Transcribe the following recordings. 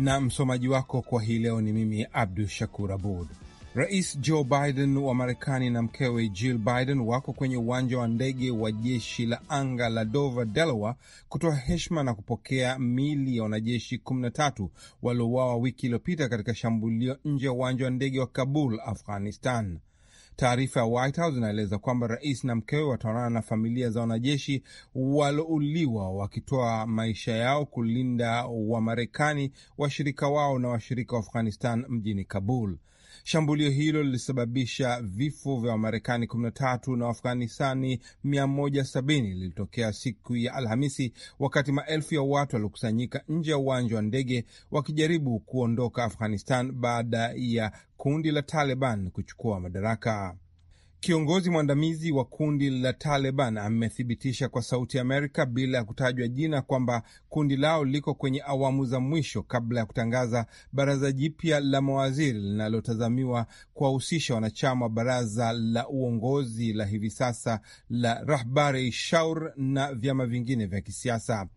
na msomaji wako kwa hii leo ni mimi Abdu Shakur Abud. Rais Joe Biden wa Marekani na mkewe Jill Biden wako kwenye uwanja wa ndege wa jeshi la anga la Dover, Delaware, kutoa heshima na kupokea miili ya wanajeshi 13 waliouawa wiki iliyopita katika shambulio nje ya uwanja wa ndege wa Kabul, Afghanistan. Taarifa ya White House inaeleza kwamba rais na mkewe wataonana na familia za wanajeshi walouliwa wakitoa maisha yao kulinda Wamarekani, washirika wao na washirika wa Afghanistan mjini Kabul. Shambulio hilo lilisababisha vifo vya Wamarekani 13 na Waafghanistani 170. Lilitokea siku ya Alhamisi wakati maelfu ya watu waliokusanyika nje ya uwanja wa ndege wakijaribu kuondoka Afghanistan baada ya kundi la Taliban kuchukua madaraka. Kiongozi mwandamizi wa kundi la Taliban amethibitisha kwa Sauti ya Amerika bila ya kutajwa jina kwamba kundi lao liko kwenye awamu za mwisho kabla ya kutangaza baraza jipya la mawaziri linalotazamiwa kuwahusisha wanachama wa baraza la uongozi la hivi sasa la Rahbari Shaur na vyama vingine vya kisiasa.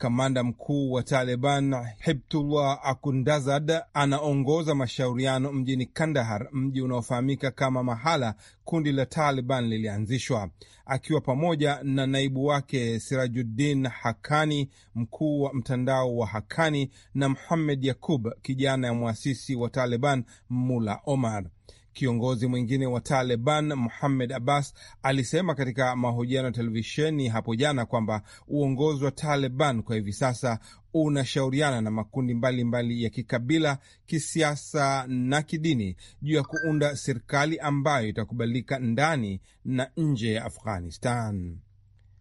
Kamanda mkuu wa Taliban Hibtullah Akundazad anaongoza mashauriano mjini Kandahar, mji unaofahamika kama mahala kundi la Taliban lilianzishwa, akiwa pamoja na naibu wake Sirajuddin Hakani, mkuu wa mtandao wa Hakani, na Muhammed Yakub, kijana ya mwasisi wa Taliban Mula Omar. Kiongozi mwingine wa Taliban Muhammad Abbas alisema katika mahojiano ya televisheni hapo jana kwamba uongozi wa Taliban kwa hivi sasa unashauriana na makundi mbalimbali mbali ya kikabila, kisiasa na kidini juu ya kuunda serikali ambayo itakubalika ndani na nje ya Afghanistan.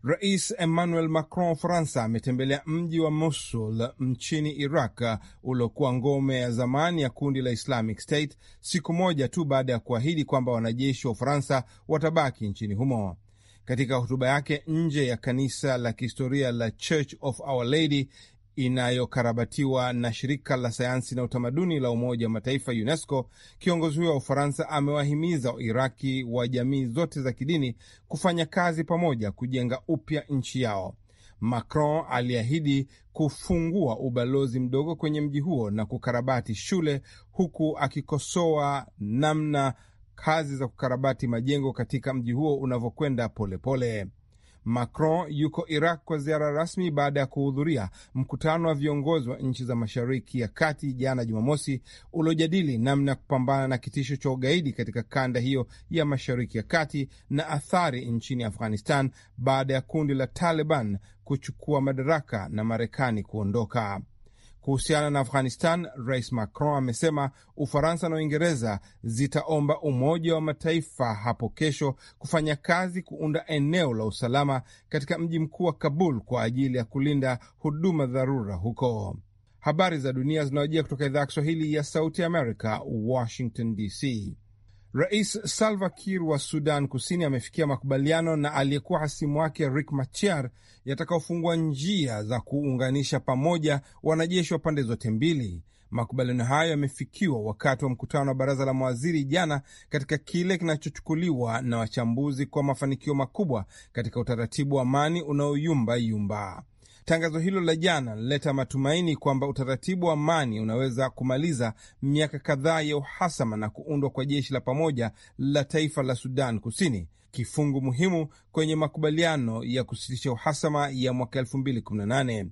Rais Emmanuel Macron Ufaransa ametembelea mji wa Mosul nchini Iraq uliokuwa ngome ya zamani ya kundi la Islamic State siku moja tu baada ya kuahidi kwamba wanajeshi wa Ufaransa watabaki nchini humo. Katika hotuba yake nje ya kanisa la kihistoria la Church of Our Lady inayokarabatiwa na shirika la sayansi na utamaduni la Umoja wa Mataifa, UNESCO. Kiongozi huyo wa Ufaransa amewahimiza Wairaki wa jamii zote za kidini kufanya kazi pamoja kujenga upya nchi yao. Macron aliahidi kufungua ubalozi mdogo kwenye mji huo na kukarabati shule, huku akikosoa namna kazi za kukarabati majengo katika mji huo unavyokwenda polepole. Macron yuko Iraq kwa ziara rasmi baada ya kuhudhuria mkutano wa viongozi wa nchi za Mashariki ya Kati jana Jumamosi, uliojadili namna ya kupambana na kitisho cha ugaidi katika kanda hiyo ya Mashariki ya Kati na athari nchini Afghanistan baada ya kundi la Taliban kuchukua madaraka na Marekani kuondoka. Kuhusiana na Afghanistan, Rais Macron amesema Ufaransa na Uingereza zitaomba Umoja wa Mataifa hapo kesho kufanya kazi kuunda eneo la usalama katika mji mkuu wa Kabul kwa ajili ya kulinda huduma dharura huko. Habari za dunia zinawajia kutoka idhaa ya Kiswahili ya Sauti Amerika, Washington DC. Rais Salva Kiir wa Sudan Kusini amefikia makubaliano na aliyekuwa hasimu wake Riek Machar yatakayofungua njia za kuunganisha pamoja wanajeshi wa pande zote mbili. Makubaliano hayo yamefikiwa wakati wa mkutano wa baraza la mawaziri jana, katika kile kinachochukuliwa na wachambuzi kwa mafanikio makubwa katika utaratibu wa amani unaoyumba yumba. Tangazo hilo la jana lileta matumaini kwamba utaratibu wa amani unaweza kumaliza miaka kadhaa ya uhasama na kuundwa kwa jeshi la pamoja la taifa la Sudan Kusini, kifungu muhimu kwenye makubaliano ya kusitisha uhasama ya mwaka 2018.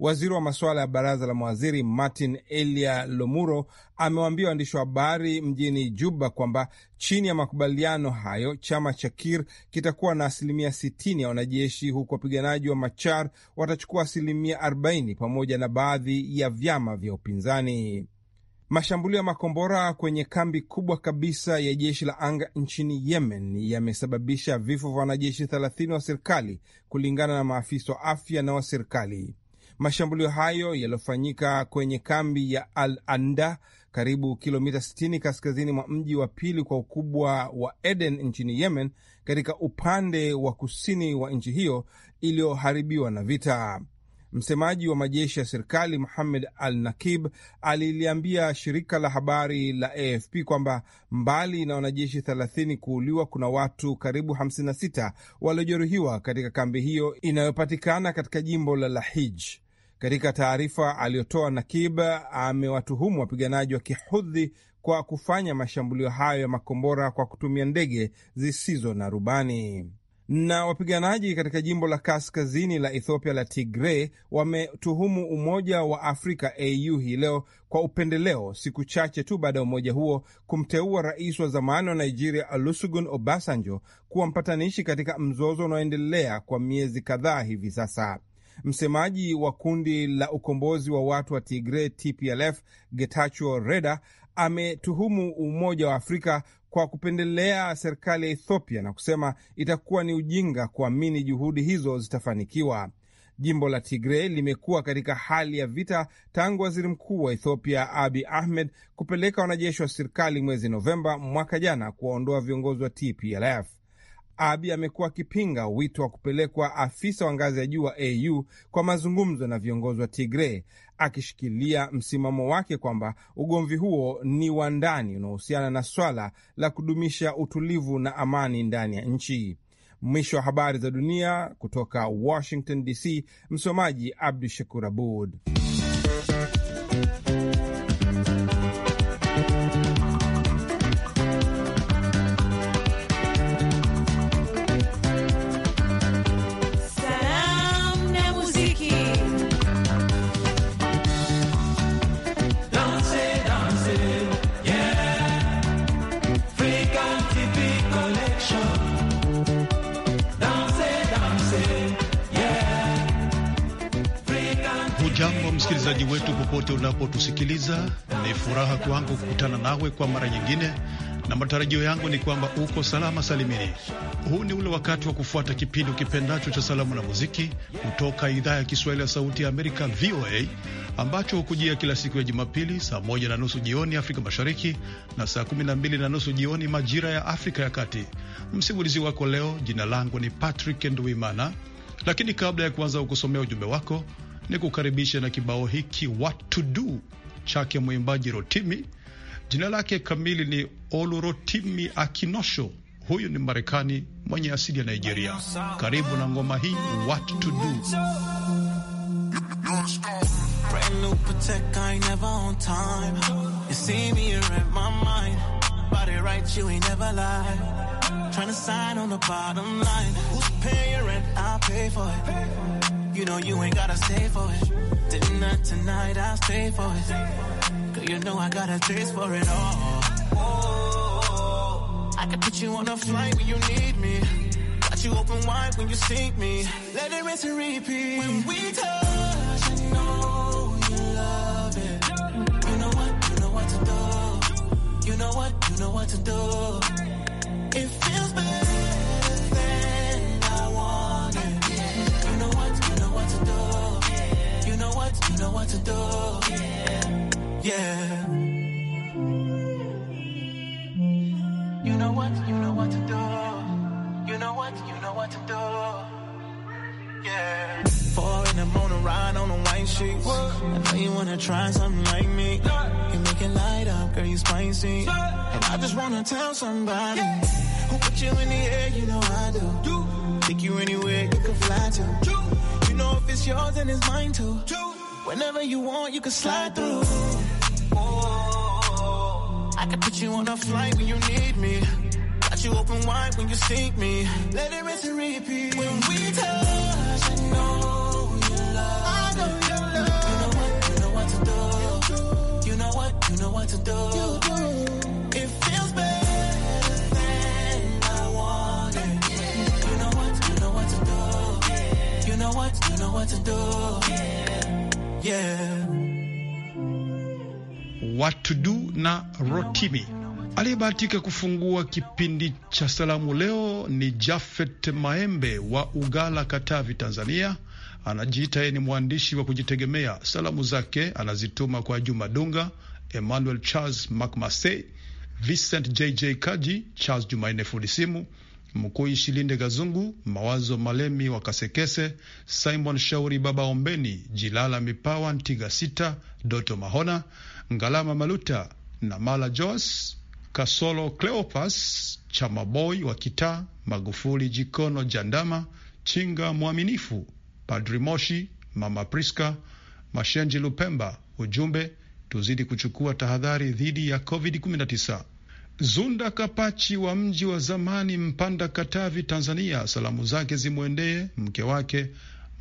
Waziri wa masuala ya baraza la mawaziri Martin Elia Lomuro amewaambia waandishi wa habari mjini Juba kwamba chini ya makubaliano hayo chama cha Kir kitakuwa na asilimia 60 ya wanajeshi, huku wapiganaji wa Machar watachukua asilimia 40 pamoja na baadhi ya vyama vya upinzani. Mashambulio ya makombora kwenye kambi kubwa kabisa ya jeshi la anga nchini Yemen yamesababisha vifo vya wanajeshi 30 wa serikali kulingana na maafisa wa afya na wa serikali. Mashambulio hayo yaliyofanyika kwenye kambi ya Al Anda karibu kilomita 60 kaskazini mwa mji wa pili kwa ukubwa wa Eden nchini Yemen, katika upande wa kusini wa nchi hiyo iliyoharibiwa na vita. Msemaji wa majeshi ya serikali Muhamed Al Nakib aliliambia shirika la habari la AFP kwamba mbali na wanajeshi 30 kuuliwa, kuna watu karibu 56 waliojeruhiwa katika kambi hiyo inayopatikana katika jimbo la Lahij. Katika taarifa aliyotoa Nakib amewatuhumu wapiganaji wa kihudhi kwa kufanya mashambulio hayo ya makombora kwa kutumia ndege zisizo na rubani. Na wapiganaji katika jimbo la kaskazini la Ethiopia la Tigray wametuhumu Umoja wa Afrika AU hii leo kwa upendeleo, siku chache tu baada ya umoja huo kumteua rais wa zamani wa Nigeria Olusegun Obasanjo kuwa mpatanishi katika mzozo unaoendelea kwa miezi kadhaa hivi sasa. Msemaji wa kundi la ukombozi wa watu wa Tigre, TPLF, Getachew Reda ametuhumu Umoja wa Afrika kwa kupendelea serikali ya Ethiopia na kusema itakuwa ni ujinga kuamini juhudi hizo zitafanikiwa. Jimbo la tigre limekuwa katika hali ya vita tangu waziri mkuu wa Ethiopia abi Ahmed kupeleka wanajeshi wa serikali mwezi Novemba mwaka jana kuwaondoa viongozi wa TPLF. Abi amekuwa akipinga wito wa kupelekwa afisa wa ngazi ya juu wa AU kwa mazungumzo na viongozi wa Tigray, akishikilia msimamo wake kwamba ugomvi huo ni wa ndani unaohusiana na swala la kudumisha utulivu na amani ndani ya nchi. Mwisho wa habari za dunia kutoka Washington DC, msomaji Abdu Shakur Abud. msikilizaji wetu popote unapotusikiliza, ni furaha kwangu kukutana nawe kwa mara nyingine, na matarajio yangu ni kwamba uko salama salimini. Huu ni ule wakati wa kufuata kipindi kipendacho cha salamu na muziki kutoka idhaa ya Kiswahili ya Sauti ya Amerika, VOA, ambacho hukujia kila siku ya Jumapili saa moja na nusu jioni Afrika Mashariki na saa kumi na mbili na nusu jioni majira ya Afrika ya Kati. Msimulizi wako leo, jina langu ni Patrick Nduimana, lakini kabla ya kuanza kusomea ujumbe wako ni kukaribisha na kibao hiki what to do chake mwimbaji Rotimi. Jina lake kamili ni Olurotimi Akinosho. Huyu ni Marekani mwenye asili ya Nigeria. Karibu na ngoma hii what to do You know you ain't gotta stay for it. Didn't tonight, I'll stay for it. Cause you know I got a taste for it all. Oh, I can put you on a flight when you need me. Got you open wide when you seek me. Let it rinse and repeat. When we touch, I know you love it. You know what, you know what to do. You know what, you know what to do. It feels better. what, you know what to do. Yeah. Yeah. You know what, you know what to do. You know what, you know what to do. Yeah. Four in the morning, ride on the white sheets. I know you wanna try something like me. You make it light up, girl, you spicy. And I just wanna tell somebody who put you in the air, you know I do. Take you anywhere you can fly to. You know if it's yours, then it's mine too Whenever you want, you can slide through. Oh, I can put you on a flight when you need me. Got you open wide when you seek me. Let it rinse and repeat. When we touch, I know you love. you know what, you know what to do. You know what, you know what to do. It feels better than I want it. You know what, you know what to do. You know what, you know what to do. yeah. Watudu na Rotimi. Aliyebahatika kufungua kipindi cha salamu leo ni Jafet Maembe wa Ugala, Katavi, Tanzania. Anajiita yeye ni mwandishi wa kujitegemea. Salamu zake anazituma kwa Juma Dunga, Emmanuel Charles mcmasey Vincent JJ Kaji, Charles Jumaine fundi simu Mkuu Ishilinde Gazungu, Mawazo Malemi wa Kasekese, Simon Shauri, Baba Ombeni, Jilala Mipawa, Ntiga Sita, Doto Mahona, Ngalama Maluta na Mala Jos Kasolo, Cleopas Chamaboi wa Kitaa, Magufuli Jikono, Jandama Chinga Mwaminifu, Padri Moshi, Mama Priska Mashenji Lupemba. Ujumbe, tuzidi kuchukua tahadhari dhidi ya COVID-19. Zunda Kapachi wa mji wa zamani Mpanda, Katavi, Tanzania, salamu zake zimwendee mke wake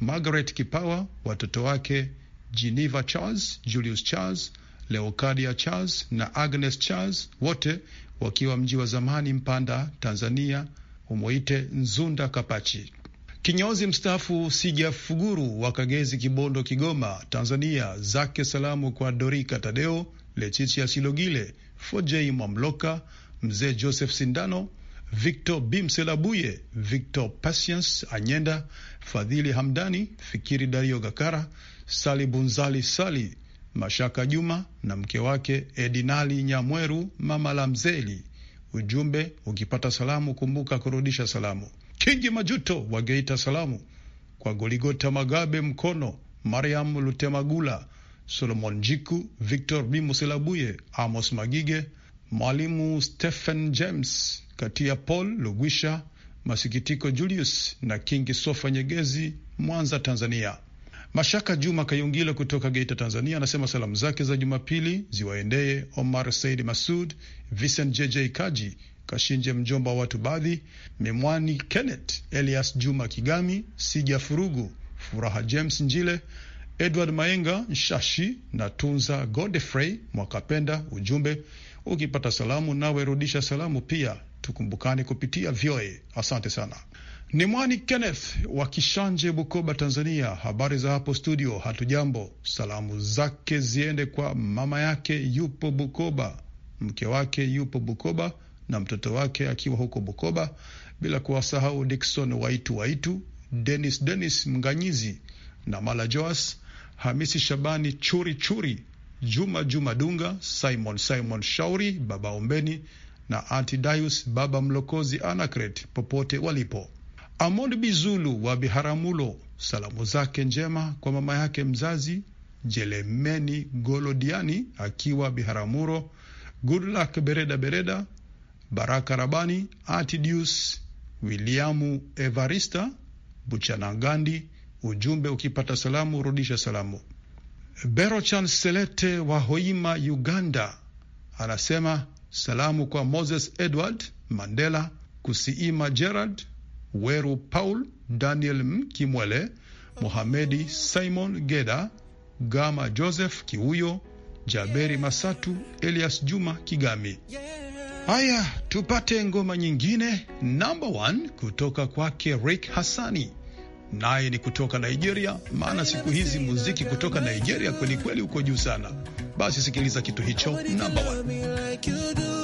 Margaret Kipawa, watoto wake Geneva Charles, Julius Charles, Leocadia Charles na Agnes Charles, wote wakiwa mji wa zamani Mpanda, Tanzania. Umwite Nzunda Kapachi. Kinyozi mstaafu Sija Fuguru wa Kagezi, Kibondo, Kigoma, Tanzania, zake salamu kwa Dorika Tadeo, Leticia Silogile, Fojei Mwamloka, mzee Joseph Sindano, Victor Bimselabuye, Victor Patience Anyenda, Fadhili Hamdani, Fikiri Dario Gakara, Sali Bunzali Sali, Mashaka Juma na mke wake Edinali Nyamweru, mama la Mzeli. Ujumbe, ukipata salamu kumbuka kurudisha salamu. Kingi Majuto wa Geita salamu kwa Goligota Magabe Mkono, Mariam Lutemagula, Solomon Jiku, Victor B. Muselabuye, Amos Magige, Mwalimu Stephen James, Katia Paul Lugwisha, Masikitiko Julius na Kingi Sofa Nyegezi, Mwanza, Tanzania. Mashaka Juma Kayungile kutoka Geita, Tanzania, anasema salamu zake za Jumapili ziwaendee Omar Said Masud, Vincent JJ Kaji, Kashinje mjomba wa watu baadhi, Memwani Kenneth, Elias Juma Kigami, Sija Furugu, Furaha James Njile, Edward Maenga Nshashi na Tunza Godfrey Mwakapenda. Ujumbe, ukipata salamu nawe rudisha salamu pia, tukumbukane kupitia VOA. Asante sana. Ni Mwani Kenneth wa Kishanje, Bukoba, Tanzania. Habari za hapo studio? Hatujambo. Salamu zake ziende kwa mama yake yupo Bukoba, mke wake yupo Bukoba na mtoto wake akiwa huko Bukoba, bila kuwasahau Dikson Waitu Waitu, Denis Denis Mnganyizi na Mala Joas Hamisi Shabani Churi Churi, Juma Juma Dunga, Simon Simon Shauri, Baba Ombeni na Antidaius Baba Mlokozi Anacret popote walipo. Amond Bizulu wa Biharamulo, salamu zake njema kwa mama yake mzazi Jelemeni Golodiani akiwa Biharamuro, Goodluck Bereda Bereda, Baraka Rabani, Antidius Williamu Evarista Buchanangandi Ujumbe ukipata salamu rudisha salamu. Berochan Selete wa Hoima, Uganda, anasema salamu kwa Moses Edward Mandela, Kusiima Gerard Weru, Paul Daniel Mkimwele, Mohamedi Simon Geda, Gama Joseph Kiuyo, Jaberi Masatu, Elias Juma Kigami. Haya, tupate ngoma nyingine, number one kutoka kwake Rick Hassani naye ni kutoka Nigeria, maana siku hizi muziki kutoka Nigeria kwelikweli uko juu sana. Basi sikiliza kitu hicho namba 1.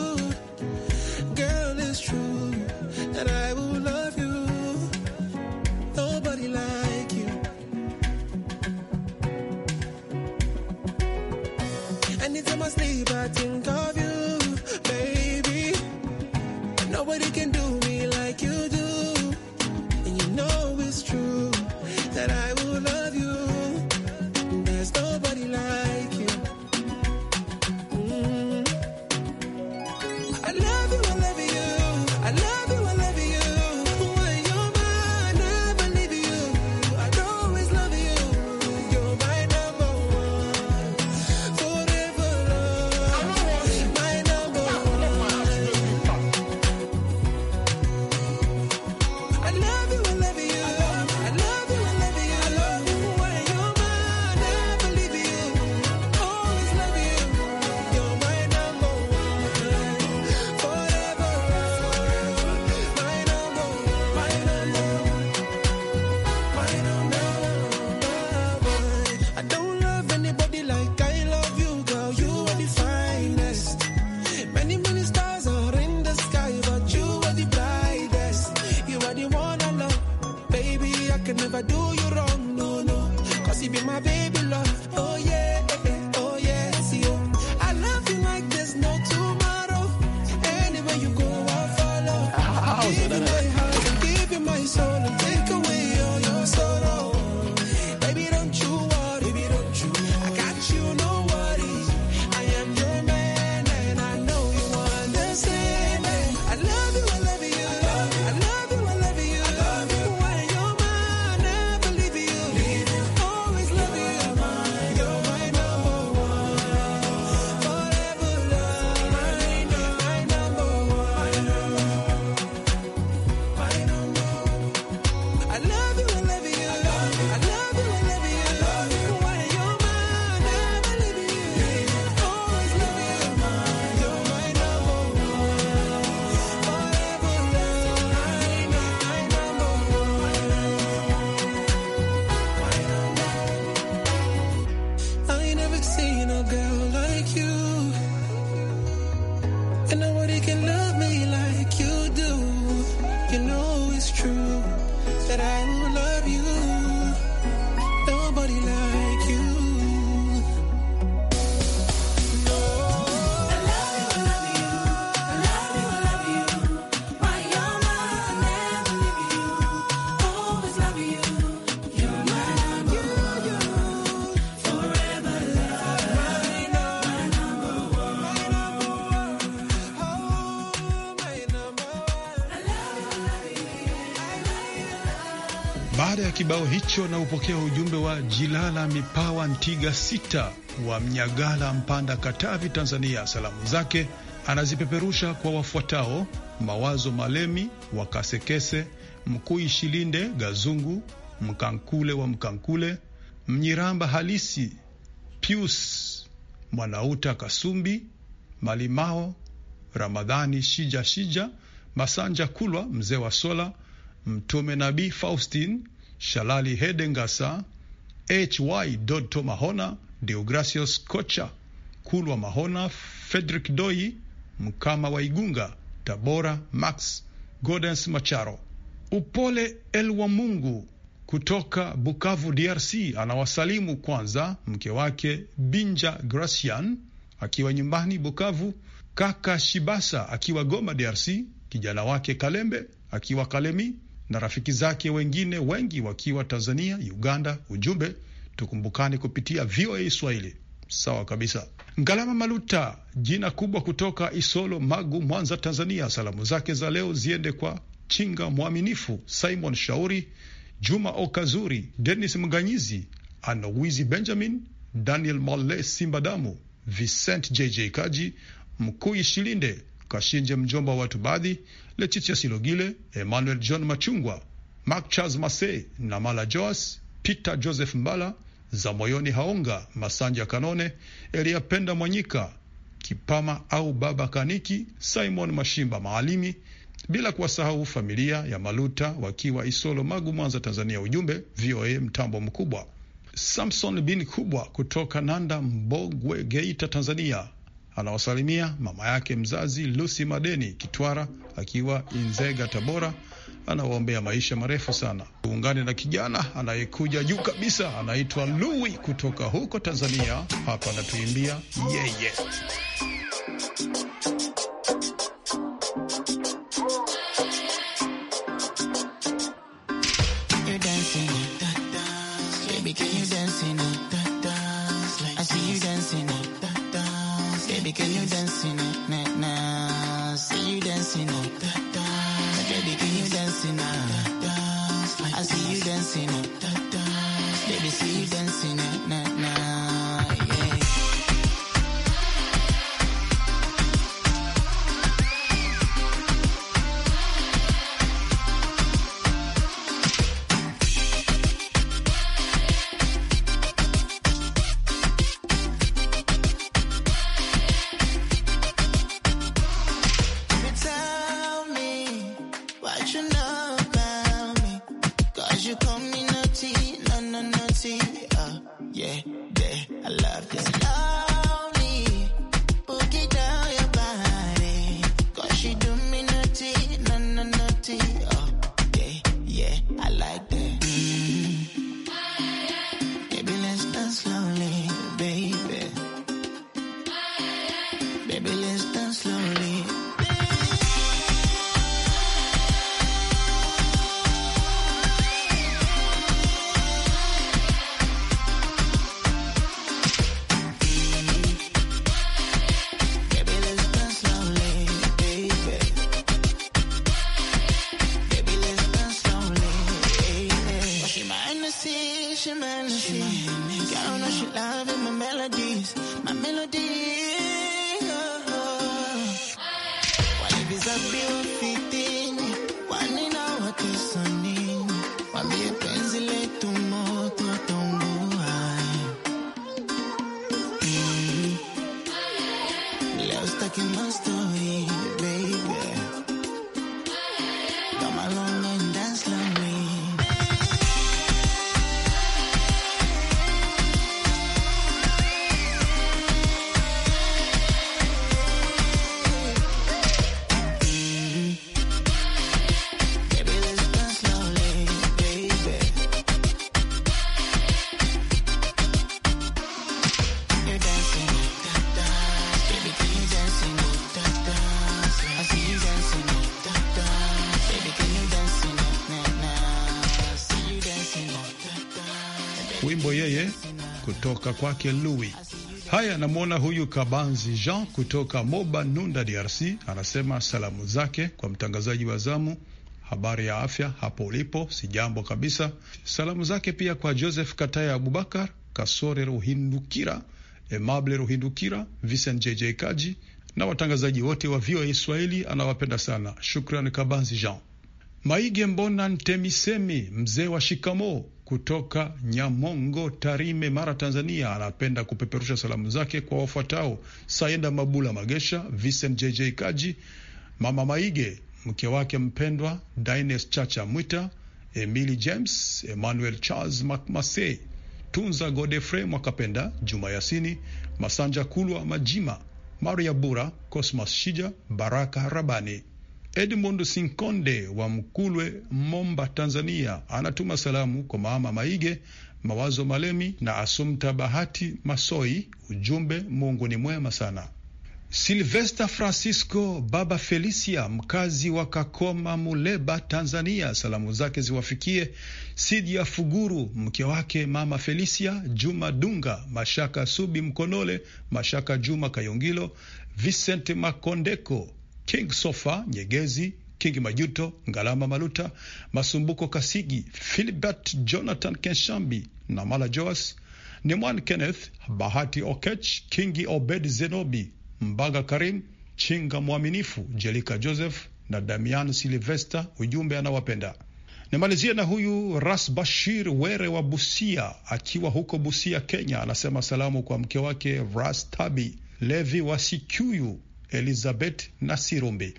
kibao hicho na upokea ujumbe wa Jilala Mipawa Ntiga sita wa Mnyagala, Mpanda, Katavi, Tanzania. Salamu zake anazipeperusha kwa wafuatao: Mawazo Malemi wa Kasekese, Mkui Shilinde Gazungu, Mkankule wa Mkankule, Mnyiramba Halisi, Pius Mwanauta, Kasumbi Malimao, Ramadhani Shija Shija, Masanja Kulwa, Mzee wa Sola, Mtume Nabii Faustin Shalali Hedengasa, Hy Dodto Mahona, Deogracios Kocha, Kulwa Mahona, Fredrick Doi, Mkama wa Igunga, Tabora Max, Godens Macharo. Upole Elwa Mungu kutoka Bukavu, DRC, anawasalimu kwanza mke wake Binja Gracian akiwa nyumbani Bukavu, kaka Shibasa akiwa Goma, DRC, kijana wake Kalembe akiwa Kalemi, na rafiki zake wengine wengi wakiwa Tanzania, Uganda. Ujumbe, tukumbukane kupitia VOA Swahili. Sawa kabisa. Ngalama Maluta, jina kubwa kutoka Isolo, Magu, Mwanza, Tanzania. Salamu zake za leo ziende kwa Chinga Mwaminifu, Simon Shauri, Juma Okazuri, Denis Mganyizi, Anowizi Benjamin, Daniel malle Simbadamu, Vicent JJ Kaji, Mkuu Ishilinde Kashinje, mjomba wa watu baadhi Letitia Silogile, Emmanuel John Machungwa, Mark Charles Mase, namala Joas, Peter Joseph Mbala, za moyoni Haonga Masanja, Kanone Penda Mwanyika Kipama au Baba Kaniki, Simon Mashimba Maalimi, bila kuwasahau familia ya Maluta wakiwa Isolo, Magu, Mwanza, Tanzania. Ujumbe VOA mtambo mkubwa. Samson bin Kubwa kutoka Nanda, Mbogwe, Geita, Tanzania, Anawasalimia mama yake mzazi Lucy Madeni Kitwara akiwa Inzega, Tabora. Anawaombea maisha marefu sana. Tuungane na kijana anayekuja juu kabisa, anaitwa Lui kutoka huko Tanzania. Hapa anatuimbia yeye yeah, yeah. kutoka kwake Louis. Haya, namwona huyu Kabanzi Jean kutoka Moba Nunda, DRC, anasema salamu zake kwa mtangazaji wa zamu. Habari ya afya hapo ulipo, si jambo kabisa. Salamu zake pia kwa Joseph Kataya Abubakar, Kasore Ruhindukira, Emable Ruhindukira, Vincent JJ Kaji na watangazaji wote wa VOA Swahili, anawapenda sana. Shukran Kabanzi Jean. Maige Mbona Ntemisemi, mzee wa shikamo kutoka Nyamongo, Tarime, Mara, Tanzania, anapenda kupeperusha salamu zake kwa wafuatao: Sayenda Mabula Magesha, Vincent JJ Kaji, Mama Maige, mke wake mpendwa Dines Chacha Mwita, Emily James, Emmanuel Charles Macmasey, Tunza Godefrey Mwakapenda, Juma Yasini, Masanja Kulwa Majima, Maria Bura, Cosmas Shija, Baraka Rabani. Edmund Sinkonde wa Mkulwe, Momba, Tanzania, anatuma salamu kwa Mama Maige, Mawazo Malemi na Asumta Bahati Masoi. Ujumbe, Mungu ni mwema sana. Silvesta Francisco Baba Felicia, mkazi wa Kakoma, Muleba, Tanzania, salamu zake ziwafikie Sidia Fuguru, mke wake Mama Felicia, Juma Dunga, Mashaka Subi Mkonole, Mashaka Juma Kayongilo, Vicente Makondeko King Sofa Nyegezi, King Majuto, Ngalama Maluta, Masumbuko Kasigi, Philbert Jonathan Kenshambi na Mala Joas, Nimwan Kenneth, Bahati Okech, Kingi Obed Zenobi, Mbaga Karim, Chinga Mwaminifu, Jelika Joseph na Damian Silvesta. Ujumbe anawapenda. Nimalizie na huyu Ras Bashir Were wa Busia, akiwa huko Busia, Kenya, anasema salamu kwa mke wake Ras Tabi Levi wa Sikuyu Elizabeth Nasirumbi.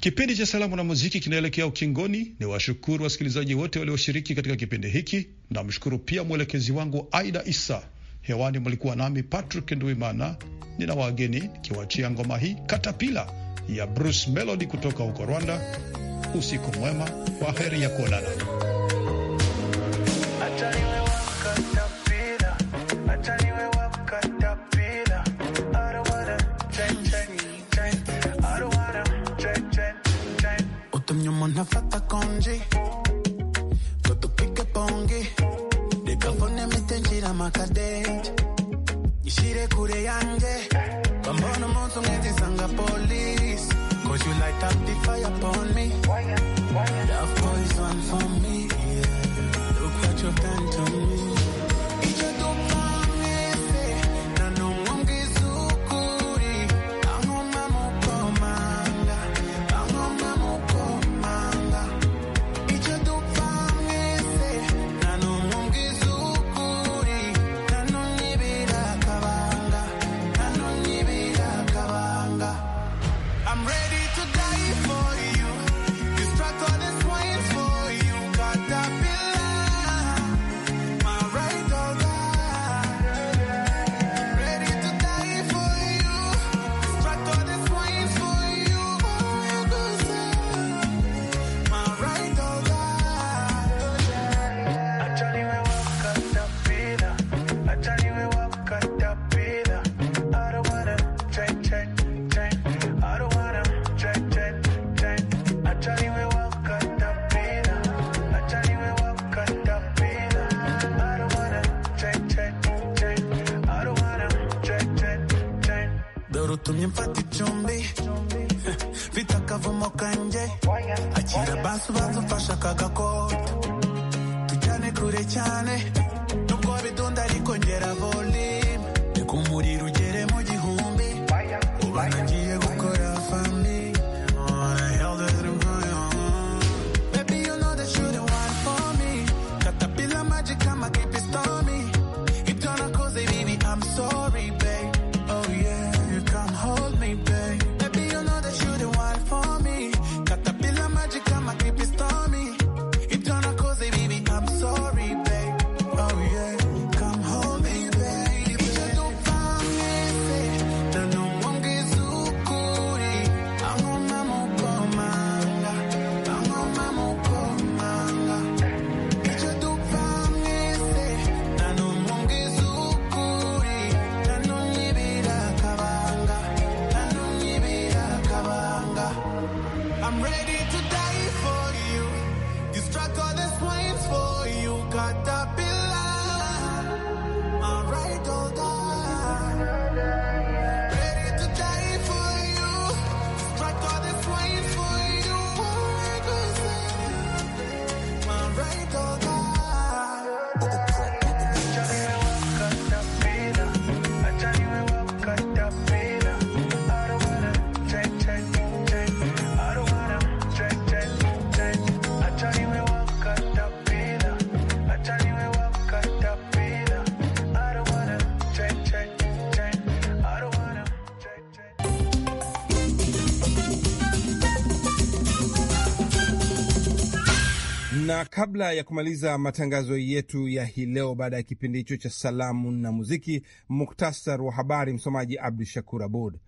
Kipindi cha salamu na muziki kinaelekea ukingoni. Ni washukuru wasikilizaji wote walioshiriki katika kipindi hiki. Namshukuru pia mwelekezi wangu Aida Isa. Hewani mlikuwa nami Patrick Nduimana, nina wageni nikiwaachia ngoma hii Katapila ya Bruce Melody kutoka huko Rwanda. Usiku mwema, kwa heri ya kuonana. unafata konji totupike pongi dekafone mitenjira makadenji ishire kure yanje bambona moto ngenzisanga polisi Cause you light up the fire upon me That poison for me yeah. Look what you've done to me Kabla ya kumaliza matangazo yetu ya hii leo, baada ya kipindi hicho cha salamu na muziki, muktasar wa habari. Msomaji Abdu Shakur Abud.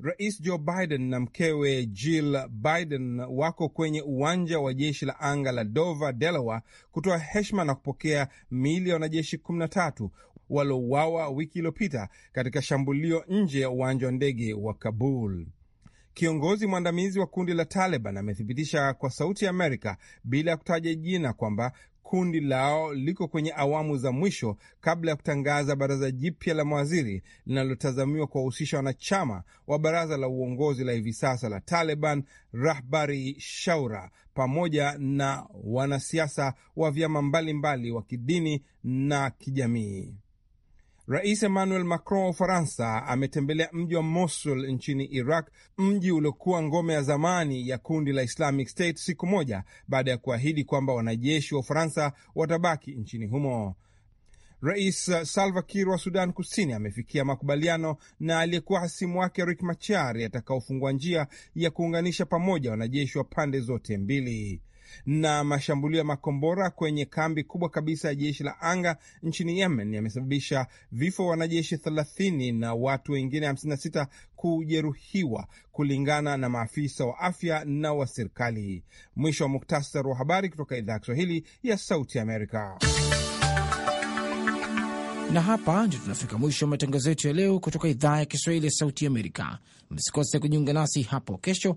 Rais Joe Biden na mkewe Jill Biden wako kwenye uwanja wa jeshi la anga la Dover, Delaware, kutoa heshima na kupokea miili ya wanajeshi 13 waliouawa wiki iliyopita katika shambulio nje ya uwanja wa ndege wa Kabul. Kiongozi mwandamizi wa kundi la Taliban amethibitisha kwa Sauti ya Amerika bila ya kutaja jina kwamba kundi lao liko kwenye awamu za mwisho kabla ya kutangaza baraza jipya la mawaziri linalotazamiwa kuwahusisha wanachama wa baraza la uongozi la hivi sasa la Taliban, Rahbari Shaura, pamoja na wanasiasa wa vyama mbalimbali wa kidini na kijamii. Rais Emmanuel Macron wa Ufaransa ametembelea mji wa Mosul nchini Iraq, mji uliokuwa ngome ya zamani ya kundi la Islamic State, siku moja baada ya kuahidi kwamba wanajeshi wa Ufaransa watabaki nchini humo. Rais Salva Kiir wa Sudan Kusini amefikia makubaliano na aliyekuwa hasimu wake Riek Machar yatakaofungua njia ya kuunganisha pamoja wanajeshi wa pande zote mbili na mashambulio ya makombora kwenye kambi kubwa kabisa ya jeshi la anga nchini Yemen yamesababisha vifo wanajeshi 30 na watu wengine 56 kujeruhiwa kulingana na maafisa wa afya na wa serikali. Mwisho wa muktasar wa habari kutoka idhaa ya Kiswahili ya Sauti Amerika. Na hapa ndio tunafika mwisho wa matangazo yetu ya leo kutoka idhaa ya Kiswahili ya Sauti Amerika. Msikose kujiunga nasi hapo kesho